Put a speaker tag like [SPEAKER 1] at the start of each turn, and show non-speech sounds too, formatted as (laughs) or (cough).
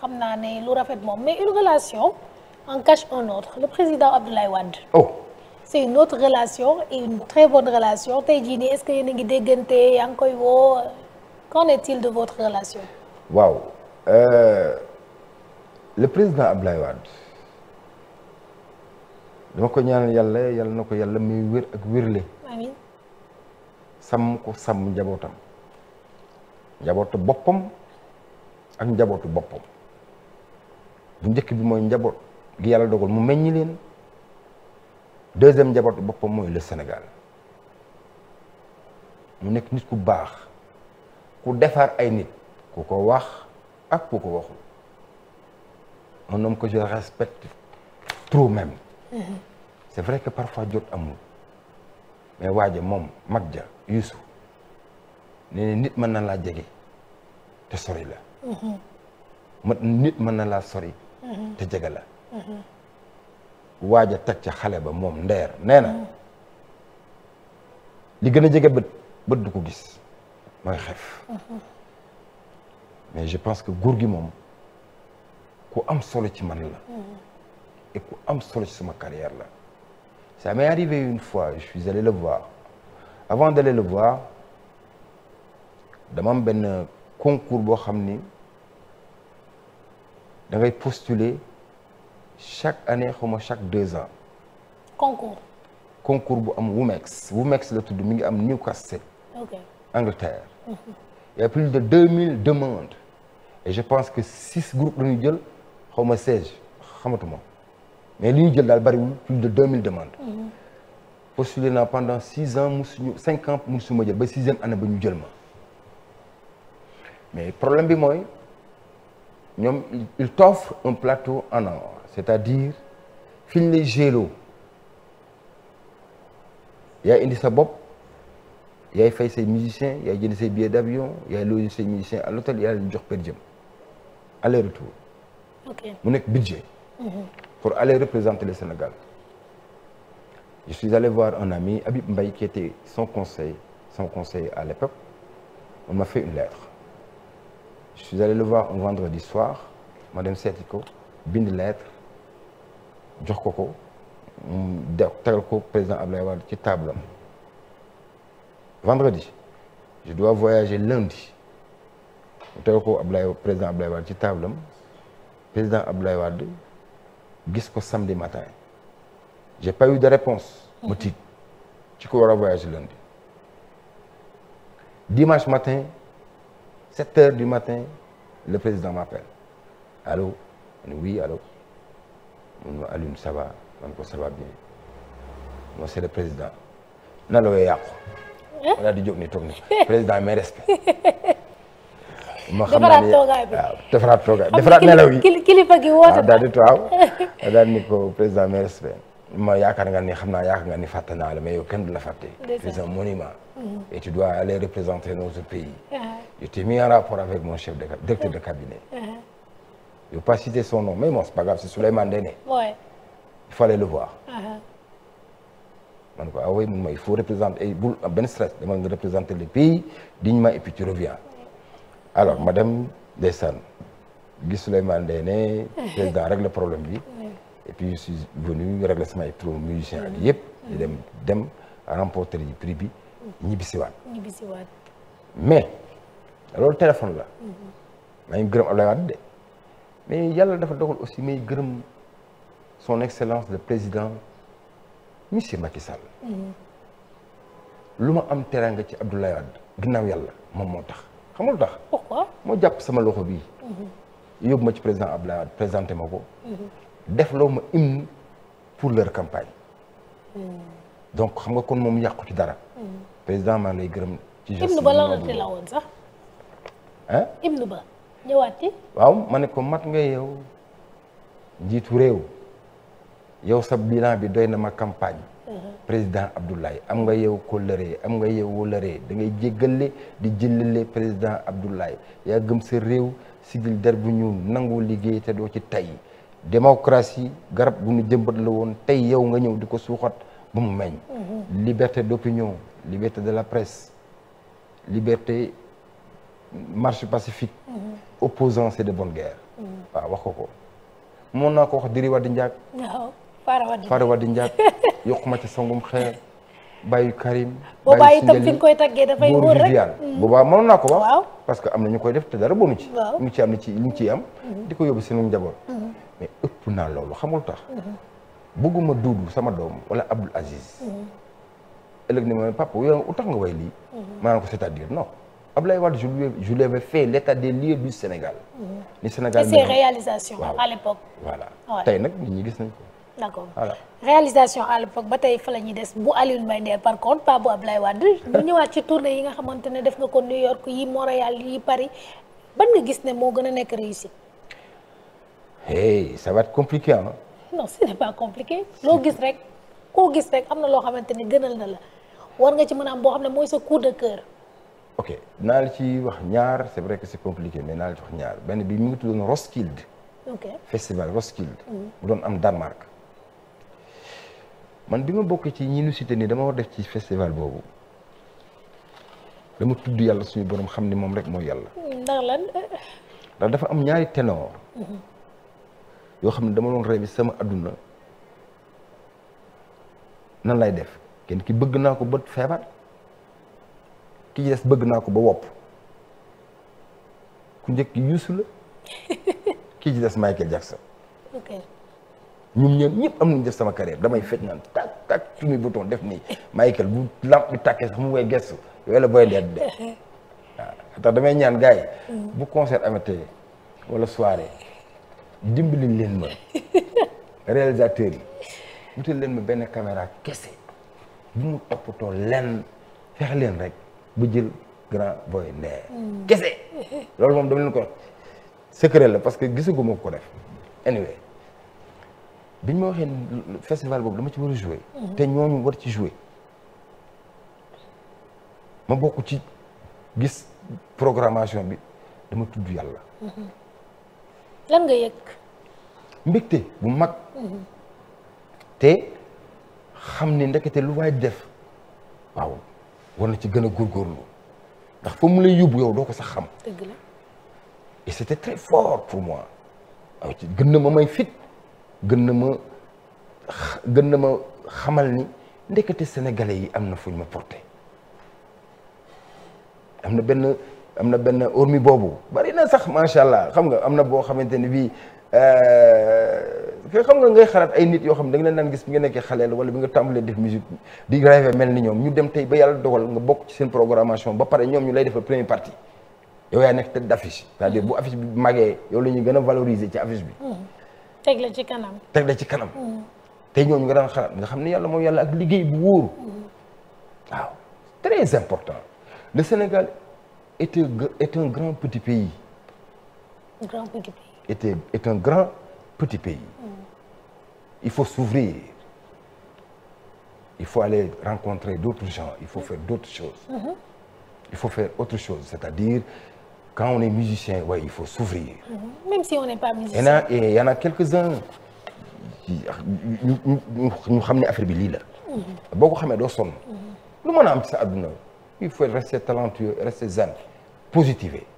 [SPEAKER 1] xam naa ne lu rafet moom mais une relation en cache un autre le président Abdoulaye Wade. Oh. c'est une autre relation et une très bonne relation tey jii nii est-ce que ngi déggante yaa koy woo qu'en est-il de votre relation. waaw euh, le président Abdoulaye Wade dama ko ñaanal yàlla yàlla na ko yàlla muy wér ak wérle. amiin sàmm ko sàmm njabootam njabootu boppam ak njabootu boppam. bu njëkk bi mooy njaboot gi yàlla dogal mu meññi leen deuxième njaboot boppam mooy le Sénégal mu nekk nit ku baax ku defar ay nit ku ko wax ak ku ko waxul un homme que je respecte trop même mhm. c'est vrai que parfois jot amul mais waaja moom mag ja Youssou ne nit mën na laa jege te sori la mhm. nit mën na laa sori te jege la waaj a teg ca xale ba moom ndeer nee na li gën a jege bët bët du ko gis mooy xef mais je pense que góor gi moom ku am solo ci man la e ku am solo ci sama carrière la ça m'est arrivé une fois je suis allé le voir avant d'aller le voir dama am benn concours boo xam ni da ngay postuler chaque année xawma chaque deux ans. concours. bu am Womex Womex la tudd mi ngi am Newcastle. ok Angleterre. Mm -hmm. il y a plus de deux mille demandes. et je pense que six groupe la ñu jël xawma seize xamatuma mais li ñu jël daal bariwul plus de deux mille demandes. Mm -hmm. postulé naa pendant six ans musuñu cinq ans musuma jël ba sixième année ba ñu jël ma mais problème bi mooy. ñoom il t'offre un plateau en or c'est-à-dire fi les lay géloo yaay indi sa bopp yaay fay say musiciens yaay jënd say billet d'avion yaay loger say musiciens à l'hôtel yaa leen jox per diem aller retour mu nekk budget mhm. pour aller représenter le Sénégal je suis allé voir un ami Habib Mbaye qui était son conseil son conseiller à l'époque on m'a fait une lettre je suis allé le voir un vendredi soir ma dem seeti ko bind ko ko mu ko président Abdoulaye Wade ci table am vendredi je dois voyager lundi mu ko président Abdoulaye Wade ci table président Abdoulaye Wade ko samedi matin j'ai pas eu de réponse ma mhm. tiit ci ko lundi dimanche matin 7 heures du matin le président m'appelle allô man oui allô mun ma Alioune ça va man ko ça bien moi c'est le président na la way yàqu wala eh? di jóg ni (laughs) eh. président mes respects ma xam naa ne waaw defaraat toogaay defaraat ah, daal di waaw (laughs) daal ni ko président mes respects ma yaakaar nga ni xam naa yaakaar nga ni fàtte naa la mais yow kenn du la fàtte. c'est un monument. et tu dois aller représenter notre pays. Uh-huh. je t'ai mis en rapport avec mon chef de directeur de cabinet. Uh-huh. je n'ai pas cité son nom mais bon c'est pas grave c'est Souleymane Ndéné. ouais. il fallait le voir. Uh-huh. man ko ah oui man il faut représenter eh, bul ah, benn stress dama nga représenter le pays dignement et (laughs) règle problème bi. et puis je suis venu régler sama ay problème musicien bi mm-hmm. yëpp. dem dem remporter yi prix bi ñibbisiwaat. ñibbisiwaat. mais loolu téléphone la. Mm-hmm. maa ngi gërëm Abdoulaye Wade de mais yàlla dafa dogal aussi may gërëm son excellence de président monsieur Macky Sall. Mm-hmm. lu ma am teraanga ci Abdoulaye Wade ginnaaw yàlla moom moo tax xam nga lu tax. moo jàpp sama loxo bi yóbbu ma ci président Abdoulaye Wade présenté ma ko. def loo ma hymne pour leur campagne. Hmm. donc xam nga kon moom yàqu ci dara. Hmm. président maa lay gërëm. ci geste ba lan la teewoon waaw ma ne ko mat nga yow jiitu réew yow sa bilan bi doy na ma campagne. Uh-huh. président Abdoulaye am nga yow kóllëre am nga yow wóllëre da ngay jéggale di jëllale président Abdoulaye yaa gëm sa réew sigil der bu ñuul nangoo liggéey te doo ci tay démocratie garab bu ñu jëmbat la woon tey yow nga ñëw di ko suuxat ba mu meññ mhm. liberté d'opinion liberté de la presse liberté marche pacifique mhm. opposant c'est de bonne guerre mhm. waaw wax ko ko mën naa ko wax diri Wade Ndiack Fara Wade Ndiack yokk ma ci songum xeer bàyyi Karim. bàyyi itam fi nga koy mm. naa ko wax. parce que am na ñu koy def te dara bonu ci. waaw ñu ci am ci ñu ciy am. Mm-hmm. di ko yóbbu seen njaboot. Mm-hmm. mais ëpp naa loolu xamul tax. Mm-hmm. bëgguma Duudu sama doom wala Abdul Aziz. ëllëg ne ma papa wu tax nga way lii. maanaam ko c'est-à-dire non. Abdoulaye Wade je lui je lui avais fait du Sénégal. ni Sénégal et ses réalisations à l'époque. voilà tey nag nit ñi gis nañ ko. d' accord voilà. réalisation à ba tey fa la ñuy des bu Aliou Mbaye Nder par contre pas bu Abdoulaye Wade ñu ñëwaat ci yi nga xamante ne def nga ko New yi Montréal yi Paris ban nga gis ne moo gën a nekk réussite. hey ça va être compliqué ah. non pas compliqué loo gis rek koo gis rek am na loo xamante ne gënal na la war nga ci mën a am boo xam ne mooy sa coup de cœur. naa la ci wax ñaar c'est vrai que c'est compliqué mais naa la ci wax ñaar benn bi mu ngi tuddoon Roskilde. ok festival Roskilde. bu mm-hmm. doon am Danemark. man bi ma bokk ci ñi nu cité nii dama war def ci festival boobu dama tudd yàlla suñu borom xam ni moom rek mooy yàlla. ndax lan. dafa am ñaari ténor. Mhm. yoo xam ne dama doon rêve sama adduna nan lay def kenn ki bëgg naa ko ba feebar ki ci bëgg naa ko ba wopp ku njëkk Youssou la (laughs) ki ci des Michael Jackson. ñun ñeen ñëpp am nañ def sama carrière damay fecc naan tak tak suñuy bouton def nii Michael bu lamp bi sax mu ngay gestu yooyu la booy leer di def tax damay ñaan gars yi bu concert amatee wala soirée dimbali leen ma réalisateur yi wutal leen ma benn caméra kese bu mu toppatoo leen fexe leen rek bu jël grand boy ndeer mm. kese loolu moom dama leen ko secret la parce que gisaguma ko def anyway biñ ma waxee festival boobu dama ci war a joué. te ñooñu war ci joué. ma bokk ci gis programmation bi dama tudd yàlla. lan nga yëg. mbégte bu mag. te xam ne ndekete lu waay def waaw war na ci gën a góorgóorlu ndax fa mu lay yóbbu yow doo ko sax xam. dëgg la et fort pour moi. ci gën na ma fit. gën na ma gën na ma xamal ni ndekete sénégalais yi am na fuñ ma porté am na benn am na benn hormi boobu bari na sax macha allah xam nga am na boo xamante ni bii euh, xam nga ngay xalaat ay nit yoo xam da nga leen daan gis bi nekkee xaleel wala bi nga tàmbalee def musique di rêve mel ni ñoom ñu dem tey ba yàlla dogal nga bokk ci seen programmation ba pare ñoom ñu lay defal première partie yow yaa nekk te d'affiche c'est-à-dire bu affiche bi màggee yow la ñuy gën a valoriser ci affiche bi mm. teg la ci kanam teg la ci kanam. tey ñooñu nga daan nga xam ne yàlla mooy yàlla ak liggéey bu wóoru très important le Sénégal est un est un grand petit pays. grand petit pays. est un grand petit pays. il faut s'ouvrir il faut aller rencontrer d'autres gens il faut faire d'autres choses. Mm-hmm. il c'est-à-dire. quand on est musicien ouais, il faut s'ouvrir mhm. même si on n'est pas musicien. y en a eh, y en a quelques-uns ah, ñu xam ne affaire bi lii la mhm. boo ko xamee doo sonn mhm. lu mën a am ci sa àdduna il faut rester talentueux rester zen positiver